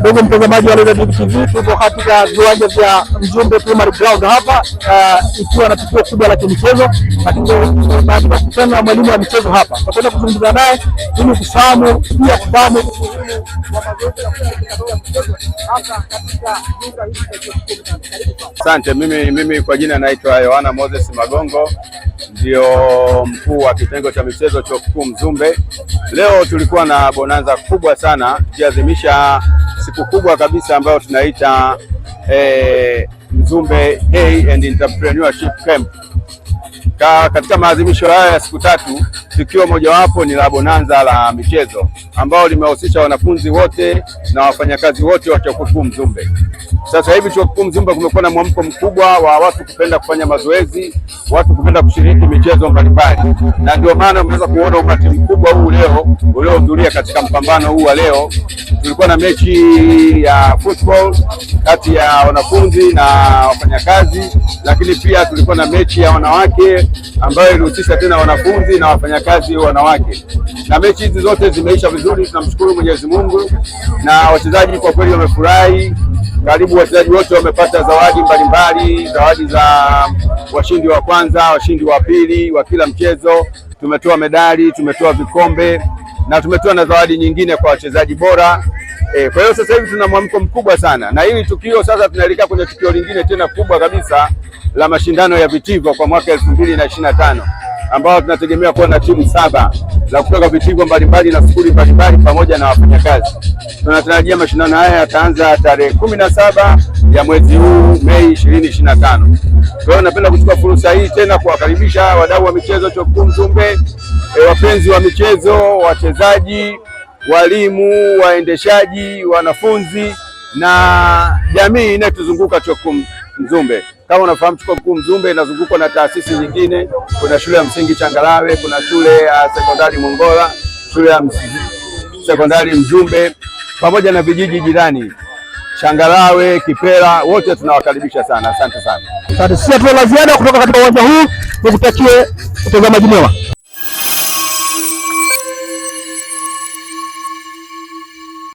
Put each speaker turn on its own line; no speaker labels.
Ndugu mtazamaji wa Leza TV, tupo katika viwanja vya Mzumbe Primary Ground hapa, eh, ikiwa na tukio kubwa la kimichezo, lakini kukutana na mwalimu wa michezo hapa, tutaenda kuzungumza naye ili kufahamu pia kufahamu
Asante. Mimi, mimi kwa jina naitwa Yohana Moses Magongo, ndio mkuu wa kitengo cha michezo chuo kikuu Mzumbe. Leo tulikuwa na bonanza kubwa sana tukiadhimisha siku kubwa kabisa ambayo tunaita eh, Mzumbe Day and Entrepreneurship Camp Ka, katika maadhimisho haya ya siku tatu tukio mojawapo ni la bonanza la michezo ambao limewahusisha wanafunzi wote na wafanyakazi wote wa chuo kikuu Mzumbe. Sasa hivi chuo kikuu Mzumbe kumekuwa na mwamko mkubwa wa watu kupenda kufanya mazoezi, watu kupenda kushiriki michezo mbalimbali, na ndio maana umeweza kuona umati mkubwa huu leo uliohudhuria katika mpambano huu wa leo. Tulikuwa na mechi ya football kati ya wanafunzi na wafanyakazi, lakini pia tulikuwa na mechi ya wanawake ambayo ilihusisha tena wanafunzi na wafanyakazi wanawake, na mechi hizi zote zimeisha vizuri. Tunamshukuru Mwenyezi Mungu na wachezaji kwa kweli wamefurahi. Karibu wachezaji wote wamepata zawadi mbalimbali, zawadi za washindi wa kwanza, washindi wa pili wa kila mchezo. Tumetoa medali, tumetoa vikombe na tumetoa na zawadi nyingine kwa wachezaji bora E, kwa hiyo sasa hivi tuna mwamko mkubwa sana, na hili tukio sasa tunaelekea kwenye tukio lingine tena kubwa kabisa la mashindano ya Vitivo kwa mwaka elfu mbili na ishirini na tano ambao tunategemea kuwa na timu saba za kutoka vitivo mbalimbali na skuli mbalimbali pamoja na wafanyakazi. Tunatarajia mashindano haya yataanza tarehe kumi na saba ya mwezi huu Mei ishirini ishirini na tano. Kwa hiyo napenda kuchukua fursa hii tena kuwakaribisha wadau wa michezo, chuo kikuu Mzumbe, e, eh, wapenzi wa michezo, wachezaji walimu, waendeshaji, wanafunzi na jamii inayotuzunguka chuo kikuu Mzumbe. Kama unafahamu chuo kikuu Mzumbe inazungukwa na taasisi nyingine. Kuna shule ya msingi Changalawe, kuna shule ya sekondari Mongola, shule ya sekondari Mzumbe pamoja na vijiji jirani Changalawe, kipela wote tunawakaribisha sana. Asante sana.
Sisi hatuna la ziada kutoka katika uwanja huu, nikutakie utazamaji mwema.